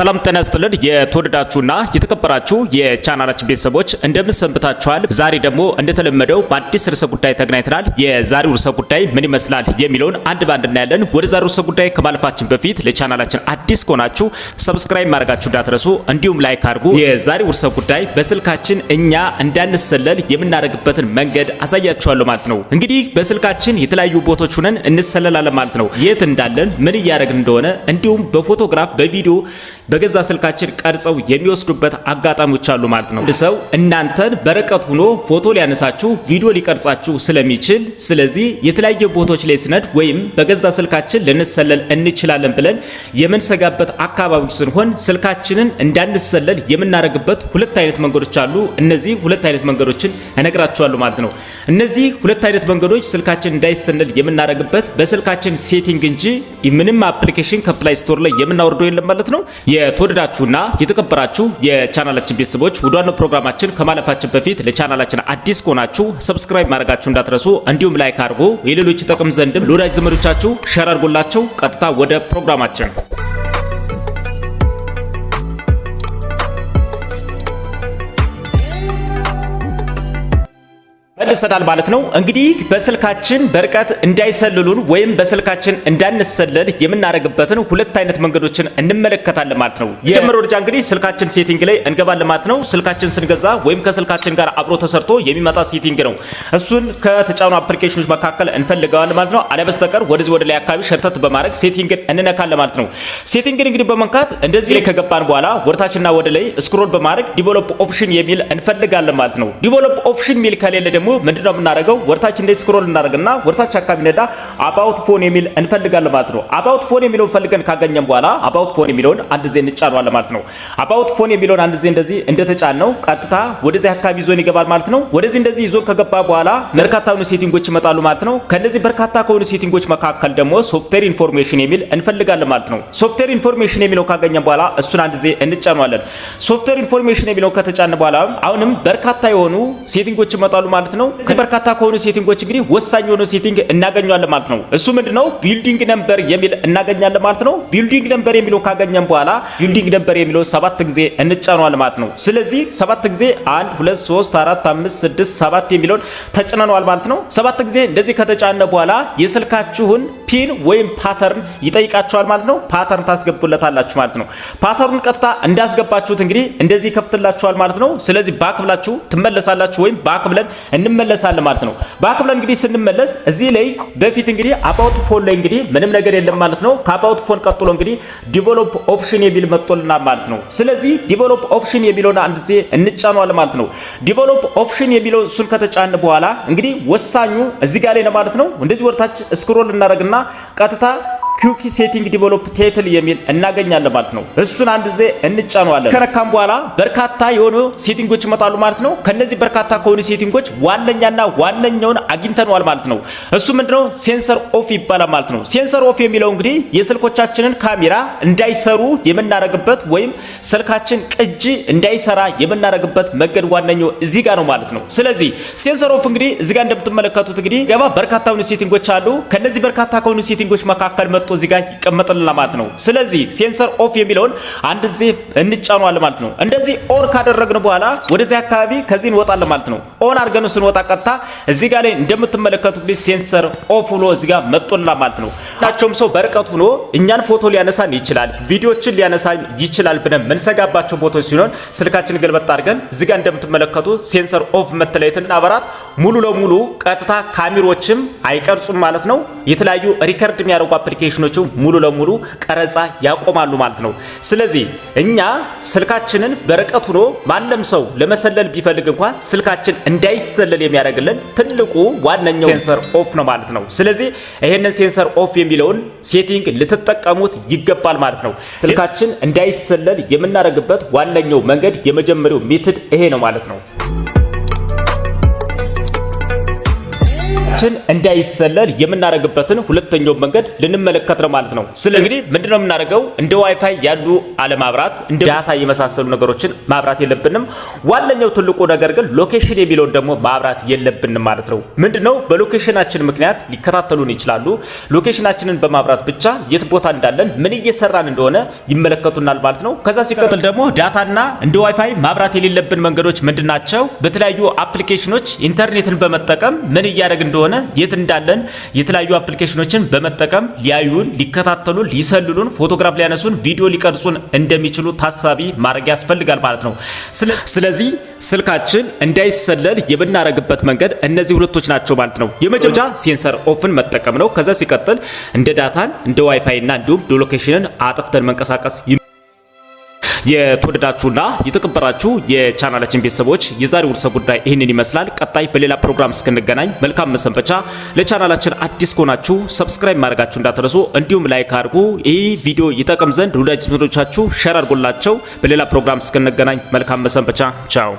ሰላም ጤና ይስጥልን። የተወደዳችሁና የተከበራችሁ የቻናላችን ቤተሰቦች እንደምንሰንብታችኋል። ዛሬ ደግሞ እንደተለመደው በአዲስ ርዕሰ ጉዳይ ተገናኝተናል። የዛሬው ርዕሰ ጉዳይ ምን ይመስላል የሚለውን አንድ ባንድ እናያለን። ወደ ዛሬው ርዕሰ ጉዳይ ከማለፋችን በፊት ለቻናላችን አዲስ ከሆናችሁ ሰብስክራይብ ማድረጋችሁ እንዳትረሱ፣ እንዲሁም ላይክ አድርጉ። የዛሬው ርዕሰ ጉዳይ በስልካችን እኛ እንዳንሰለል የምናደርግበትን መንገድ አሳያችኋለሁ ማለት ነው። እንግዲህ በስልካችን የተለያዩ ቦታዎች ሁነን እንሰለላለን ማለት ነው። የት እንዳለን ምን እያደረግን እንደሆነ እንዲሁም በፎቶግራፍ በቪዲዮ በገዛ ስልካችን ቀርጸው የሚወስዱበት አጋጣሚዎች አሉ ማለት ነው። ሰው እናንተን በርቀት ሆኖ ፎቶ ሊያነሳችሁ፣ ቪዲዮ ሊቀርጻችሁ ስለሚችል ስለዚህ የተለያየ ቦታዎች ላይ ስነድ ወይም በገዛ ስልካችን ልንሰለል እንችላለን ብለን የምንሰጋበት አካባቢ ስንሆን ስልካችንን እንዳንሰለል የምናደርግበት ሁለት አይነት መንገዶች አሉ። እነዚህ ሁለት አይነት መንገዶችን እነግራችኋለሁ ማለት ነው። እነዚህ ሁለት አይነት መንገዶች ስልካችን እንዳይሰለል የምናደርግበት በስልካችን ሴቲንግ እንጂ ምንም አፕሊኬሽን ከፕላይ ስቶር ላይ የምናወርደው የለም ማለት ነው። የተወደዳችሁና የተከበራችሁ የቻናላችን ቤተሰቦች ውዷን ፕሮግራማችን ከማለፋችን በፊት ለቻናላችን አዲስ ከሆናችሁ ሰብስክራይብ ማድረጋችሁ እንዳትረሱ፣ እንዲሁም ላይክ አድርጉ። የሌሎች ጠቅም ዘንድም ለወዳጅ ዘመዶቻችሁ ሸር አድርጉላቸው። ቀጥታ ወደ ፕሮግራማችን መልሰናል ማለት ነው። እንግዲህ በስልካችን በርቀት እንዳይሰልሉን ወይም በስልካችን እንዳንሰለል የምናደርግበትን ሁለት አይነት መንገዶችን እንመለከታለን ማለት ነው። የጀመረው ደረጃ እንግዲህ ስልካችን ሴቲንግ ላይ እንገባለን ማለት ነው። ስልካችን ስንገዛ ወይም ከስልካችን ጋር አብሮ ተሰርቶ የሚመጣ ሴቲንግ ነው። እሱን ከተጫኑ አፕሊኬሽኖች መካከል እንፈልገዋለን ማለት ነው። አለ በስተቀር ወደዚህ ወደ ላይ አካባቢ ሸርተት በማድረግ ሴቲንግን እንነካለን ማለት ነው። ሴቲንግን እንግዲህ በመንካት እንደዚህ ላይ ከገባን በኋላ ወደታችንና ወደ ላይ ስክሮል በማድረግ ዲቨሎፕ ኦፕሽን የሚል እንፈልጋለን ማለት ነው። ዲቨሎፕ ኦፕሽን ሚል ከሌለ ደግሞ ምንድነው የምናደርገው? ወርታች ላይ ስክሮል እናደርግና ወርታች አካባቢ ነዳ አባውት ፎን የሚል እንፈልጋለን ማለት ነው። አባውት ፎን የሚለውን ፈልገን ካገኘን በኋላ አባውት ፎን የሚለውን አንድ ዜ እንጫነዋለን ማለት ነው። አባውት ፎን የሚለውን አንድ ዜ እንደዚህ እንደተጫን ነው ቀጥታ ወደዚህ አካባቢ ይዞን ይገባል ማለት ነው። ወደዚህ እንደዚህ ይዞን ከገባ በኋላ በርካታ ሆኑ ሴቲንጎች ይመጣሉ ማለት ነው። ከነዚህ በርካታ ከሆኑ ሴቲንጎች መካከል ደግሞ ሶፍትዌር ኢንፎርሜሽን የሚል እንፈልጋለን ማለት ነው። ሶፍትዌር ኢንፎርሜሽን የሚለው ካገኘን በኋላ እሱን አንድ ዜ እንጫነዋለን። ሶፍትዌር ኢንፎርሜሽን የሚለው ከተጫን በኋላ አሁንም በርካታ የሆኑ ሴቲንጎች ይመጣሉ ማለት ነው። ነው። እዚህ በርካታ ከሆኑ ሴቲንጎች እንግዲህ ወሳኝ የሆነ ሴቲንግ እናገኘዋለን ማለት ነው። እሱ ምንድነው? ቢልዲንግ ነምበር የሚል እናገኛለን ማለት ነው። ቢልዲንግ ነምበር የሚለው ካገኘን በኋላ ቢልዲንግ ነምበር የሚለው ሰባት ጊዜ እንጫነዋል ማለት ነው። ስለዚህ ሰባት ጊዜ አንድ ሁለት 3 አራት 5 ስድስት ሰባት የሚለውን ተጭነነዋል ማለት ነው። ሰባት ጊዜ እንደዚህ ከተጫነ በኋላ የስልካችሁን ፒን ወይም ፓተርን ይጠይቃችኋል ማለት ነው። ፓተርን ታስገቡለታላችሁ ማለት ነው። ፓተሩን ቀጥታ እንዳስገባችሁት እንግዲህ እንደዚህ ይከፍትላችኋል ማለት ነው። ስለዚህ ባክ ብላችሁ ትመለሳላችሁ ወይም ባክ ብለን እንመለሳለን ማለት ነው። ባክ ብለን እንግዲህ ስንመለስ እዚህ ላይ በፊት እንግዲህ አባውት ፎን ላይ እንግዲህ ምንም ነገር የለም ማለት ነው። ከአባውት ፎን ቀጥሎ እንግዲህ ዲቨሎፕ ኦፕሽን የሚል መጥቶልናል ማለት ነው። ስለዚህ ዲቨሎፕ ኦፕሽን የሚለውን አንድ ጊዜ እንጫኗል ማለት ነው። ዲቨሎፕ ኦፕሽን የሚለው እሱን ከተጫን በኋላ እንግዲህ ወሳኙ እዚህ ጋር ላይ ነው ማለት ነው። እንደዚህ ወርታች ስክሮል እናደርግና ቀጥታ ኪዩኪ ሴቲንግ ዲቨሎፕ ቴትል የሚል እናገኛለን ማለት ነው። እሱን አንድ ጊዜ እንጫነዋለን። ከነካም በኋላ በርካታ የሆኑ ሴቲንጎች ይመጣሉ ማለት ነው። ከነዚህ በርካታ ከሆኑ ሴቲንጎች ዋነኛና ዋነኛውን አግኝተነዋል ማለት ነው። እሱ ምንድነው? ሴንሰር ኦፍ ይባላል ማለት ነው። ሴንሰር ኦፍ የሚለው እንግዲህ የስልኮቻችንን ካሜራ እንዳይሰሩ የምናደርግበት ወይም ስልካችን ቅጂ እንዳይሰራ የምናደርግበት መንገድ ዋነኛው እዚህ ጋር ነው ማለት ነው። ስለዚህ ሴንሰር ኦፍ እንግዲህ እዚህ ጋር እንደምትመለከቱት እንግዲህ ገባ በርካታ ሴቲንጎች አሉ። ከነዚህ በርካታ ከሆኑ ሴቲንጎች መካከል መጥቶ መጥቶ እዚህ ጋር ይቀመጥልናል ማለት ነው። ስለዚህ ሴንሰር ኦፍ የሚለውን አንድ ዜ እንጫኗለን ማለት ነው። እንደዚህ ኦን ካደረግን በኋላ ወደዚህ አካባቢ ከዚህ እንወጣለን ማለት ነው። ኦን አድርገን ስንወጣ ቀጥታ እዚህ ጋር ላይ እንደምትመለከቱ ሴንሰር ኦፍ ሆኖ እዚህ ጋር መጥቶልናል ማለት ነው። ናቸውም ሰው በርቀት ሆኖ እኛን ፎቶ ሊያነሳን ይችላል፣ ቪዲዮችን ሊያነሳን ይችላል ብለን የምንሰጋባቸው ቦታዎች ሲሆን ስልካችን ገልበጥ አድርገን እዚህ ጋር እንደምትመለከቱ ሴንሰር ኦፍ መተለየትን አበራት ሙሉ ለሙሉ ቀጥታ ካሜሮችም አይቀርጹም ማለት ነው። የተለያዩ ሪከርድ የሚያደርጉ አፕሊኬሽን ኮሚኒኬሽኖቹ ሙሉ ለሙሉ ቀረጻ ያቆማሉ ማለት ነው። ስለዚህ እኛ ስልካችንን በርቀት ሆኖ ማንም ሰው ለመሰለል ቢፈልግ እንኳን ስልካችን እንዳይሰለል የሚያደርግልን ትልቁ ዋነኛው ሴንሰር ኦፍ ነው ማለት ነው። ስለዚህ ይሄንን ሴንሰር ኦፍ የሚለውን ሴቲንግ ልትጠቀሙት ይገባል ማለት ነው። ስልካችን እንዳይሰለል የምናደርግበት ዋነኛው መንገድ የመጀመሪያው ሜትድ ይሄ ነው ማለት ነው። ራሳችን እንዳይሰለል የምናደርግበትን ሁለተኛው መንገድ ልንመለከት ነው ማለት ነው። ስለዚህ ምንድነው የምናደርገው? እንደ ዋይፋይ ያሉ አለማብራት፣ እንደ ዳታ የመሳሰሉ ነገሮችን ማብራት የለብንም። ዋነኛው ትልቁ ነገር ግን ሎኬሽን የሚለውን ደግሞ ማብራት የለብንም ማለት ነው። ምንድነው በሎኬሽናችን ምክንያት ሊከታተሉን ይችላሉ። ሎኬሽናችንን በማብራት ብቻ የት ቦታ እንዳለን፣ ምን እየሰራን እንደሆነ ይመለከቱናል ማለት ነው። ከዛ ሲቀጥል ደግሞ ዳታና እንደ ዋይፋይ ማብራት የሌለብን መንገዶች ምንድናቸው? በተለያዩ አፕሊኬሽኖች ኢንተርኔትን በመጠቀም ምን እያደረግ እንደሆነ ስለሆነ የት እንዳለን የተለያዩ አፕሊኬሽኖችን በመጠቀም ሊያዩን፣ ሊከታተሉን፣ ሊሰልሉን፣ ፎቶግራፍ ሊያነሱን፣ ቪዲዮ ሊቀርጹን እንደሚችሉ ታሳቢ ማድረግ ያስፈልጋል ማለት ነው። ስለዚህ ስልካችን እንዳይሰለል የምናደርግበት መንገድ እነዚህ ሁለቶች ናቸው ማለት ነው። የመጀመሪያ ሴንሰር ኦፍን መጠቀም ነው። ከዛ ሲቀጥል እንደ ዳታን እንደ ዋይፋይና እንዲሁም ሎኬሽንን አጥፍተን መንቀሳቀስ የተወደዳችሁና የተከበራችሁ የቻናላችን ቤተሰቦች የዛሬው ርዕሰ ጉዳይ ይህንን ይመስላል። ቀጣይ በሌላ ፕሮግራም እስክንገናኝ መልካም መሰንበቻ። ለቻናላችን አዲስ ከሆናችሁ ሰብስክራይብ ማድረጋችሁ እንዳትረሱ፣ እንዲሁም ላይክ አድርጉ። ይህ ቪዲዮ ይጠቅም ዘንድ ወዳጅ ዘመዶቻችሁ ሸር አድርጎላቸው። በሌላ ፕሮግራም እስክንገናኝ መልካም መሰንበቻ። ቻው